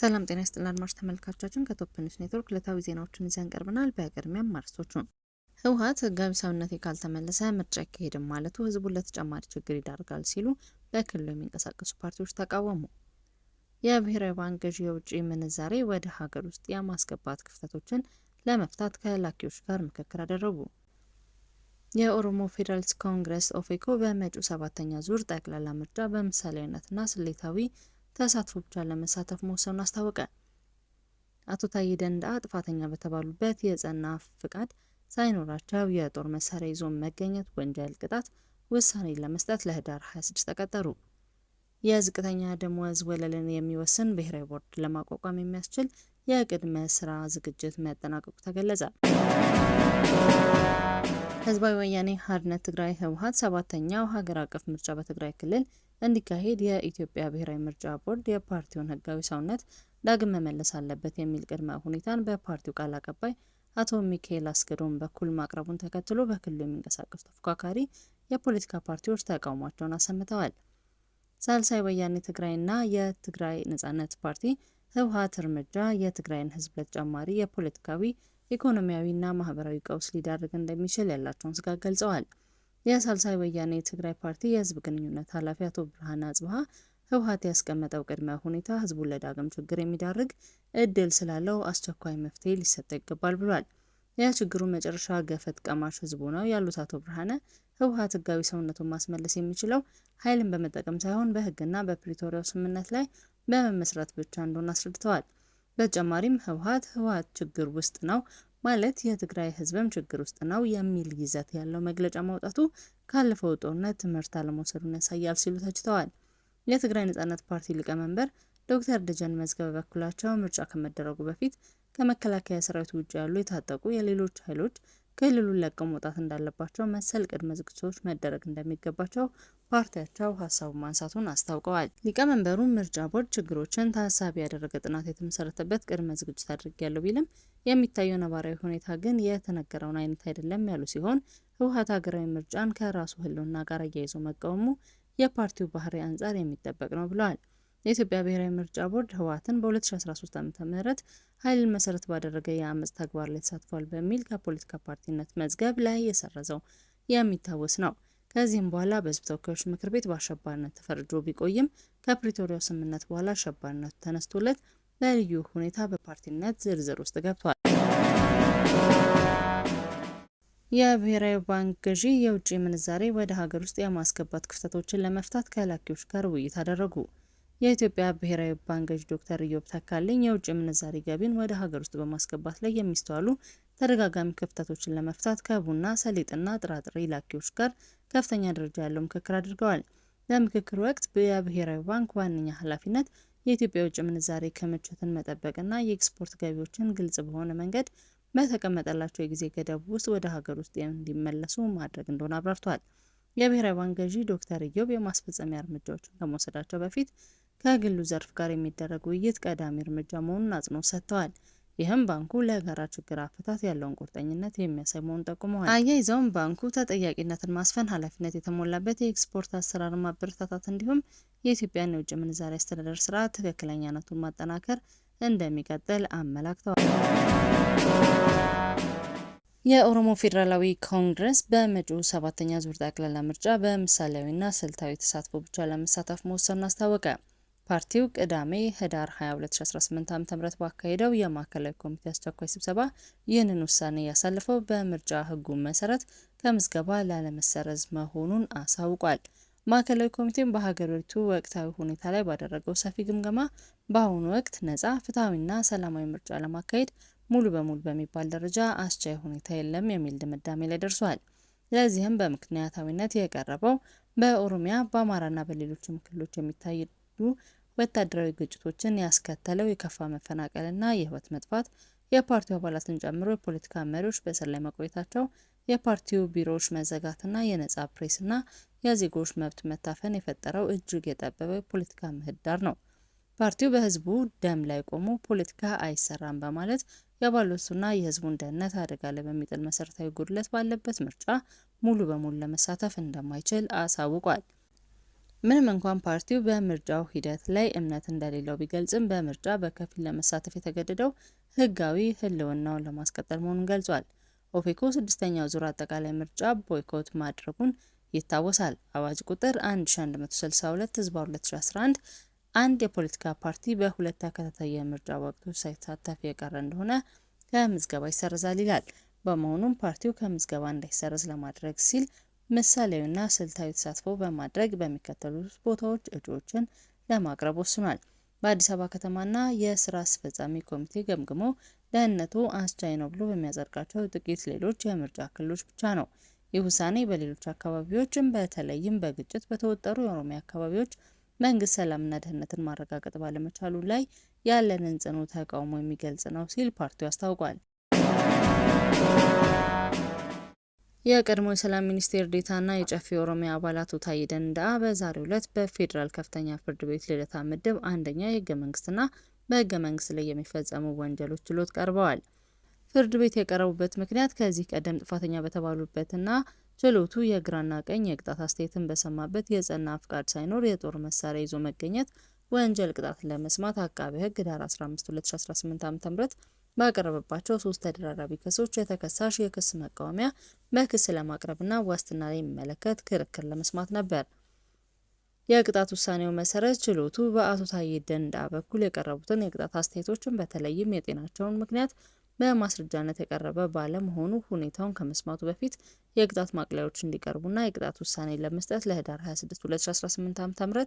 ሰላም ጤና ይስጥልን አድማጭ ተመልካቾቻችን፣ ከቶፕ ኒውስ ኔትወርክ ዕለታዊ ዜናዎችን ይዘን ቀርበናል። በቅድሚያም ማርሶቹን ህወሓት ህጋዊ ሰውነቴ ካልተመለሰ ምርጫ አይካሄድም ማለቱ ህዝቡን ለተጨማሪ ችግር ይዳርጋል ሲሉ በክልሉ የሚንቀሳቀሱ ፓርቲዎች ተቃወሙ። የብሔራዊ ባንክ ገዢ የውጭ ምንዛሬ ወደ ሀገር ውስጥ የማስገባት ክፍተቶችን ለመፍታት ከላኪዎች ጋር ምክክር አደረጉ። የኦሮሞ ፌዴራሊስት ኮንግረስ ኦፌኮ በመጪው ሰባተኛ ዙር ጠቅላላ ምርጫ በምሳሌያዊነትና ስሌታዊ ተሳትፎ ብቻ ለመሳተፍ መወሰኑን አስታወቀ። አቶ ታዬ ደንዳ ጥፋተኛ በተባሉበት የጸና ፍቃድ ሳይኖራቸው የጦር መሳሪያ ይዞ መገኘት ወንጀል ቅጣት ውሳኔ ለመስጠት ለህዳር 26 ተቀጠሩ። የዝቅተኛ ደሞዝ ወለልን የሚወስን ብሔራዊ ቦርድ ለማቋቋም የሚያስችል የቅድመ ስራ ዝግጅት መጠናቀቁ ተገለጸ። ህዝባዊ ወያኔ ሓርነት ትግራይ ህወሓት ሰባተኛው ሀገር አቀፍ ምርጫ በትግራይ ክልል እንዲካሄድ የኢትዮጵያ ብሔራዊ ምርጫ ቦርድ የፓርቲውን ህጋዊ ሰውነት ዳግም መመለስ አለበት የሚል ቅድመ ሁኔታን በፓርቲው ቃል አቀባይ አቶ ሚካኤል አስገዶም በኩል ማቅረቡን ተከትሎ በክልሉ የሚንቀሳቀሱ ተፎካካሪ የፖለቲካ ፓርቲዎች ተቃውሟቸውን አሰምተዋል። ሳልሳይ ወያኔ ትግራይና የትግራይ ነጻነት ፓርቲ ህወሓት እርምጃ የትግራይን ህዝብ ለተጨማሪ የፖለቲካዊ ኢኮኖሚያዊና ማህበራዊ ቀውስ ሊዳርግ እንደሚችል ያላቸውን ስጋት ገልጸዋል። የሳልሳይ ወያኔ የትግራይ ፓርቲ የህዝብ ግንኙነት ኃላፊ አቶ ብርሃነ አጽብሃ ህወሓት ያስቀመጠው ቅድመ ሁኔታ ህዝቡን ለዳግም ችግር የሚዳርግ እድል ስላለው አስቸኳይ መፍትሄ ሊሰጠው ይገባል ብሏል። የችግሩ መጨረሻ ገፈት ቀማሽ ህዝቡ ነው ያሉት አቶ ብርሃነ ህወሓት ህጋዊ ሰውነቱን ማስመለስ የሚችለው ኃይልን በመጠቀም ሳይሆን በህግና በፕሪቶሪያው ስምምነት ላይ በመመስረት ብቻ እንደሆነ አስረድተዋል። በተጨማሪም ህወሓት ህወሓት ችግር ውስጥ ነው፣ ማለት የትግራይ ህዝብም ችግር ውስጥ ነው የሚል ይዘት ያለው መግለጫ ማውጣቱ ካለፈው ጦርነት ትምህርት አለመውሰዱን ያሳያል ሲሉ ተችተዋል። የትግራይ ነጻነት ፓርቲ ሊቀመንበር ዶክተር ደጀን መዝገበ በበኩላቸው ምርጫ ከመደረጉ በፊት ከመከላከያ ሰራዊት ውጭ ያሉ የታጠቁ የሌሎች ኃይሎች ክልሉን ለቀው መውጣት እንዳለባቸው መሰል ቅድመ ዝግጅቶች መደረግ እንደሚገባቸው ፓርቲያቸው ሀሳቡን ማንሳቱን አስታውቀዋል። ሊቀመንበሩ ምርጫ ቦርድ ችግሮችን ታሳቢ ያደረገ ጥናት የተመሰረተበት ቅድመ ዝግጅት አድርጊያለሁ ቢልም የሚታየው ነባራዊ ሁኔታ ግን የተነገረውን አይነት አይደለም ያሉ ሲሆን ህወሓት ሀገራዊ ምርጫን ከራሱ ህልውና ጋር አያይዞ መቃወሙ የፓርቲው ባህሪ አንጻር የሚጠበቅ ነው ብለዋል። የኢትዮጵያ ብሔራዊ ምርጫ ቦርድ ህወሓትን በ2013 ዓ ም ኃይልን መሰረት ባደረገ የአመፅ ተግባር ላይ ተሳትፏል በሚል ከፖለቲካ ፓርቲነት መዝገብ ላይ የሰረዘው የሚታወስ ነው። ከዚህም በኋላ በህዝብ ተወካዮች ምክር ቤት በአሸባሪነት ተፈርጆ ቢቆይም ከፕሪቶሪያው ስምምነት በኋላ አሸባሪነቱ ተነስቶለት በልዩ ሁኔታ በፓርቲነት ዝርዝር ውስጥ ገብቷል። የብሔራዊ ባንክ ገዢ የውጭ ምንዛሬ ወደ ሀገር ውስጥ የማስገባት ክፍተቶችን ለመፍታት ከላኪዎች ጋር ውይይት አደረጉ። የኢትዮጵያ ብሔራዊ ባንክ ገዥ ዶክተር ኢዮብ ተካልኝ የውጭ ምንዛሪ ገቢን ወደ ሀገር ውስጥ በማስገባት ላይ የሚስተዋሉ ተደጋጋሚ ክፍተቶችን ለመፍታት ከቡና፣ ሰሊጥና ጥራጥሬ ላኪዎች ጋር ከፍተኛ ደረጃ ያለው ምክክር አድርገዋል። በምክክር ወቅት የብሔራዊ ባንክ ዋነኛ ኃላፊነት የኢትዮጵያ የውጭ ምንዛሬ ክምችትን መጠበቅና የኤክስፖርት ገቢዎችን ግልጽ በሆነ መንገድ በተቀመጠላቸው የጊዜ ገደብ ውስጥ ወደ ሀገር ውስጥ እንዲመለሱ ማድረግ እንደሆነ አብራርተዋል። የብሔራዊ ባንክ ገዢ ዶክተር ኢዮብ የማስፈጸሚያ እርምጃዎችን ከመውሰዳቸው በፊት ከግሉ ዘርፍ ጋር የሚደረግ ውይይት ቀዳሚ እርምጃ መሆኑን አጽንኦት ሰጥተዋል። ይህም ባንኩ ለጋራ ችግር አፈታት ያለውን ቁርጠኝነት የሚያሳይ መሆኑን ጠቁመዋል። አያይዘውም ባንኩ ተጠያቂነትን ማስፈን፣ ኃላፊነት የተሞላበት የኤክስፖርት አሰራር ማበረታታት እንዲሁም የኢትዮጵያን የውጭ ምንዛሪ አስተዳደር ስርዓት ትክክለኛነቱን ማጠናከር እንደሚቀጥል አመላክተዋል። የኦሮሞ ፌዴራላዊ ኮንግረስ በመጪው ሰባተኛ ዙር ጠቅላላ ምርጫ በምሳሌያዊና ስልታዊ ተሳትፎ ብቻ ለመሳተፍ መወሰኑን አስታወቀ። ፓርቲው ቅዳሜ ህዳር 22018 ዓ ዓ.ም ባካሄደው የማዕከላዊ ኮሚቴ አስቸኳይ ስብሰባ ይህንን ውሳኔ ያሳለፈው በምርጫ ህጉ መሰረት ከምዝገባ ላለመሰረዝ መሆኑን አሳውቋል። ማዕከላዊ ኮሚቴም በሀገሪቱ ወቅታዊ ሁኔታ ላይ ባደረገው ሰፊ ግምገማ በአሁኑ ወቅት ነጻ፣ ፍትሐዊና ሰላማዊ ምርጫ ለማካሄድ ሙሉ በሙሉ በሚባል ደረጃ አስቻይ ሁኔታ የለም የሚል ድምዳሜ ላይ ደርሷል። ለዚህም በምክንያታዊነት የቀረበው በኦሮሚያ በአማራና በሌሎችም ክልሎች የሚታዩ ወታደራዊ ግጭቶችን ያስከተለው የከፋ መፈናቀልና የህይወት መጥፋት የፓርቲው አባላትን ጨምሮ የፖለቲካ መሪዎች በእስር ላይ መቆየታቸው፣ የፓርቲው ቢሮዎች መዘጋትና የነጻ ፕሬስና የዜጎች መብት መታፈን የፈጠረው እጅግ የጠበበ የፖለቲካ ምህዳር ነው። ፓርቲው በህዝቡ ደም ላይ ቆሞ ፖለቲካ አይሰራም በማለት የአባሎቱና የህዝቡ ደህንነት አደጋ ላይ በሚጥል መሰረታዊ ጉድለት ባለበት ምርጫ ሙሉ በሙሉ ለመሳተፍ እንደማይችል አሳውቋል። ምንም እንኳን ፓርቲው በምርጫው ሂደት ላይ እምነት እንደሌለው ቢገልጽም በምርጫ በከፊል ለመሳተፍ የተገደደው ህጋዊ ህልውናውን ለማስቀጠል መሆኑን ገልጿል። ኦፌኮ ስድስተኛው ዙር አጠቃላይ ምርጫ ቦይኮት ማድረጉን ይታወሳል። አዋጅ ቁጥር 1162 ህዝባ 2011 አንድ የፖለቲካ ፓርቲ በሁለት ተከታታይ የምርጫ ወቅቶች ሳይሳተፍ የቀረ እንደሆነ ከምዝገባ ይሰረዛል ይላል። በመሆኑም ፓርቲው ከምዝገባ እንዳይሰረዝ ለማድረግ ሲል ምሳሌያዊና ስልታዊ ተሳትፎ በማድረግ በሚከተሉት ቦታዎች እጩዎችን ለማቅረብ ወስኗል። በአዲስ አበባ ከተማና የስራ አስፈጻሚ ኮሚቴ ገምግሞ ደህንነቱ አስቻይ ነው ብሎ በሚያጸድቃቸው ጥቂት ሌሎች የምርጫ ክልሎች ብቻ ነው። ይህ ውሳኔ በሌሎች አካባቢዎችም በተለይም በግጭት በተወጠሩ የኦሮሚያ አካባቢዎች መንግስት ሰላምና ደህንነትን ማረጋገጥ ባለመቻሉ ላይ ያለንን ጽኑ ተቃውሞ የሚገልጽ ነው ሲል ፓርቲው አስታውቋል። የቀድሞ የሰላም ሚኒስቴር ዴኤታና የጨፌ ኦሮሚያ አባል አቶ ታዬ ደንደአ በዛሬው ዕለት በፌዴራል ከፍተኛ ፍርድ ቤት ልደታ ምድብ አንደኛ የህገ መንግስትና በህገ መንግስት ላይ የሚፈጸሙ ወንጀሎች ችሎት ቀርበዋል። ፍርድ ቤት የቀረቡበት ምክንያት ከዚህ ቀደም ጥፋተኛ በተባሉበትና ችሎቱ የግራና ቀኝ የቅጣት አስተያየትን በሰማበት የጸና ፍቃድ ሳይኖር የጦር መሳሪያ ይዞ መገኘት ወንጀል ቅጣትን ለመስማት አቃቤ ህግ ህዳር 15 2018 ዓ.ም ባቀረበባቸው ሶስት ተደራራቢ ክሶች የተከሳሽ የክስ መቃወሚያ መክስ ለማቅረብና ዋስትና የሚመለከት ክርክር ለመስማት ነበር። የቅጣት ውሳኔው መሰረት ችሎቱ በአቶ ታዬ ደንዳ በኩል የቀረቡትን የቅጣት አስተያየቶችን በተለይም የጤናቸውን ምክንያት በማስረጃነት የቀረበ ባለመሆኑ ሁኔታውን ከመስማቱ በፊት የቅጣት ማቅለያዎች እንዲቀርቡና የቅጣት ውሳኔ ለመስጠት ለህዳር 26 2018 ዓ.ም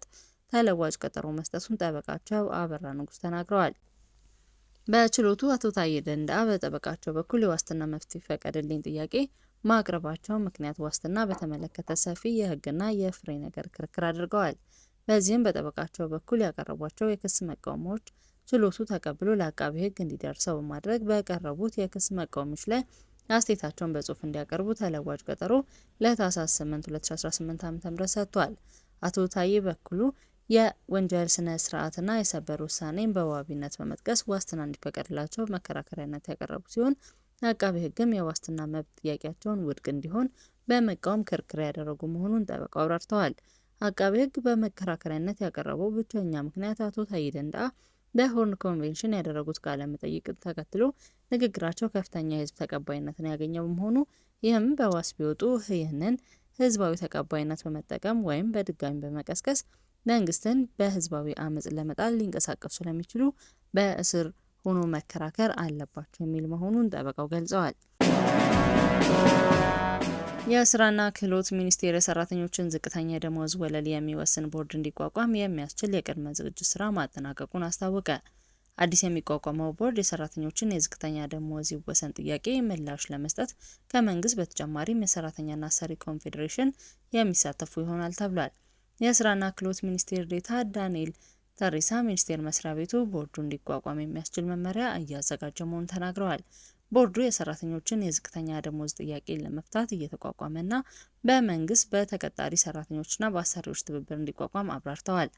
ተለዋጭ ቀጠሮ መስጠቱን ጠበቃቸው አበራ ንጉስ ተናግረዋል። በችሎቱ አቶ ታዬ ደንደአ በጠበቃቸው በኩል የዋስትና መፍት ይፈቀድልኝ ጥያቄ ማቅረባቸው ምክንያት ዋስትና በተመለከተ ሰፊ የህግና የፍሬ ነገር ክርክር አድርገዋል። በዚህም በጠበቃቸው በኩል ያቀረቧቸው የክስ መቃወሚያዎች ችሎቱ ተቀብሎ ለአቃቢ ህግ እንዲደርሰው በማድረግ በቀረቡት የክስ መቃወሚያዎች ላይ አስተያየታቸውን በጽሁፍ እንዲያቀርቡ ተለዋጭ ቀጠሮ ለታህሳስ 8 2018 ዓ.ም ሰጥቷል። አቶ ታዬ በኩሉ የወንጀል ስነ ስርዓትና የሰበር ውሳኔን በዋቢነት በመጥቀስ ዋስትና እንዲፈቀድላቸው መከራከሪያነት ያቀረቡ ሲሆን አቃቢ ህግም የዋስትና መብት ጥያቄያቸውን ውድቅ እንዲሆን በመቃወም ክርክር ያደረጉ መሆኑን ጠበቃው አብራርተዋል። አቃቢ ህግ በመከራከሪያነት ያቀረበው ብቸኛ ምክንያት አቶ ታዬ ደንደአ በሆርን ኮንቬንሽን ያደረጉት ቃለ መጠይቅ ተከትሎ ንግግራቸው ከፍተኛ የህዝብ ተቀባይነትን ያገኘ በመሆኑ ይህም በዋስ ቢወጡ ይህንን ህዝባዊ ተቀባይነት በመጠቀም ወይም በድጋሚ በመቀስቀስ መንግስትን በህዝባዊ አመፅ ለመጣል ሊንቀሳቀሱ ስለሚችሉ በእስር ሆኖ መከራከር አለባቸው የሚል መሆኑን ጠበቃው ገልጸዋል። የስራና ክህሎት ሚኒስቴር የሰራተኞችን ዝቅተኛ ደሞዝ ወለል የሚወስን ቦርድ እንዲቋቋም የሚያስችል የቅድመ ዝግጅት ስራ ማጠናቀቁን አስታወቀ። አዲስ የሚቋቋመው ቦርድ የሰራተኞችን የዝቅተኛ ደሞዝ ይወሰን ጥያቄ ምላሽ ለመስጠት ከመንግስት በተጨማሪም የሰራተኛና ሰሪ ኮንፌዴሬሽን የሚሳተፉ ይሆናል ተብሏል። የስራና ክህሎት ሚኒስቴር ዴታ ዳንኤል ተሪሳ ሚኒስቴር መስሪያ ቤቱ ቦርዱ እንዲቋቋም የሚያስችል መመሪያ እያዘጋጀ መሆኑን ተናግረዋል። ቦርዱ የሰራተኞችን የዝቅተኛ ደሞዝ ጥያቄ ለመፍታት እየተቋቋመና በመንግስት በተቀጣሪ ሰራተኞችና በአሰሪዎች ትብብር እንዲቋቋም አብራርተዋል።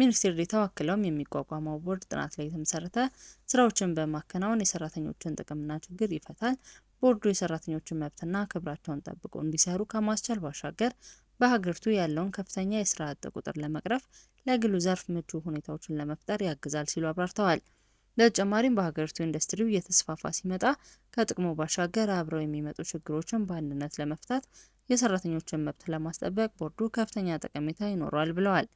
ሚኒስቴር ዴታው አክለውም የሚቋቋመው ቦርድ ጥናት ላይ የተመሰረተ ስራዎችን በማከናወን የሰራተኞችን ጥቅምና ችግር ይፈታል። ቦርዱ የሰራተኞችን መብትና ክብራቸውን ጠብቆ እንዲሰሩ ከማስቻል ባሻገር በሀገሪቱ ያለውን ከፍተኛ የስራ አጥ ቁጥር ለመቅረፍ ለግሉ ዘርፍ ምቹ ሁኔታዎችን ለመፍጠር ያግዛል ሲሉ አብራርተዋል። በተጨማሪም በሀገሪቱ ኢንዱስትሪው እየተስፋፋ ሲመጣ ከጥቅሙ ባሻገር አብረው የሚመጡ ችግሮችን በአንድነት ለመፍታት የሰራተኞችን መብት ለማስጠበቅ ቦርዱ ከፍተኛ ጠቀሜታ ይኖረዋል ብለዋል።